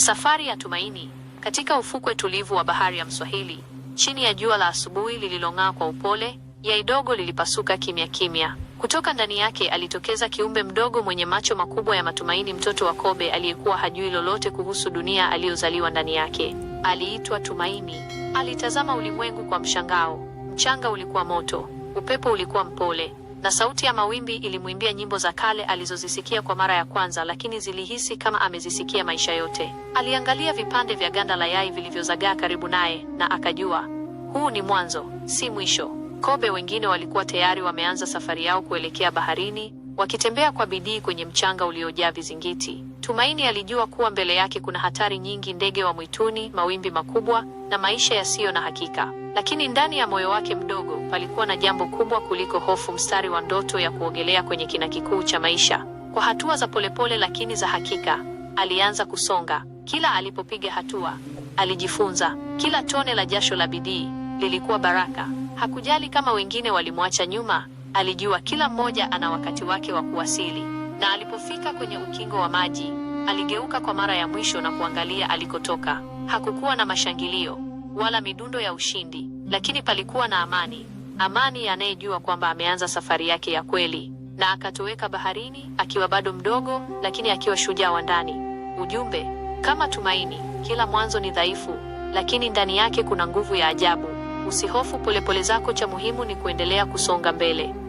Safari ya tumaini katika ufukwe tulivu wa bahari ya Mswahili, chini ya jua la asubuhi lililong'aa kwa upole, yai dogo lilipasuka kimya kimya. Kutoka ndani yake alitokeza kiumbe mdogo mwenye macho makubwa ya matumaini, mtoto wa kobe aliyekuwa hajui lolote kuhusu dunia aliyozaliwa ndani yake. Aliitwa Tumaini. Alitazama ulimwengu kwa mshangao. Mchanga ulikuwa moto, upepo ulikuwa mpole, na sauti ya mawimbi ilimwimbia nyimbo za kale alizozisikia kwa mara ya kwanza, lakini zilihisi kama amezisikia maisha yote. Aliangalia vipande vya ganda la yai vilivyozagaa karibu naye na akajua huu ni mwanzo, si mwisho. Kobe wengine walikuwa tayari wameanza safari yao kuelekea baharini, wakitembea kwa bidii kwenye mchanga uliojaa vizingiti. Tumaini alijua kuwa mbele yake kuna hatari nyingi, ndege wa mwituni, mawimbi makubwa na maisha yasiyo na hakika, lakini ndani ya moyo wake mdogo palikuwa na jambo kubwa kuliko hofu, mstari wa ndoto ya kuogelea kwenye kina kikuu cha maisha. Kwa hatua za polepole lakini za hakika, alianza kusonga. Kila alipopiga hatua alijifunza, kila tone la jasho la bidii lilikuwa baraka. Hakujali kama wengine walimwacha nyuma alijua kila mmoja ana wakati wake wa kuwasili, na alipofika kwenye ukingo wa maji, aligeuka kwa mara ya mwisho na kuangalia alikotoka. Hakukuwa na mashangilio wala midundo ya ushindi, lakini palikuwa na amani, amani anayejua kwamba ameanza safari yake ya kweli, na akatoweka baharini akiwa bado mdogo, lakini akiwa shujaa wa ndani. Ujumbe kama tumaini, kila mwanzo ni dhaifu, lakini ndani yake kuna nguvu ya ajabu. Usihofu polepole zako, cha muhimu ni kuendelea kusonga mbele.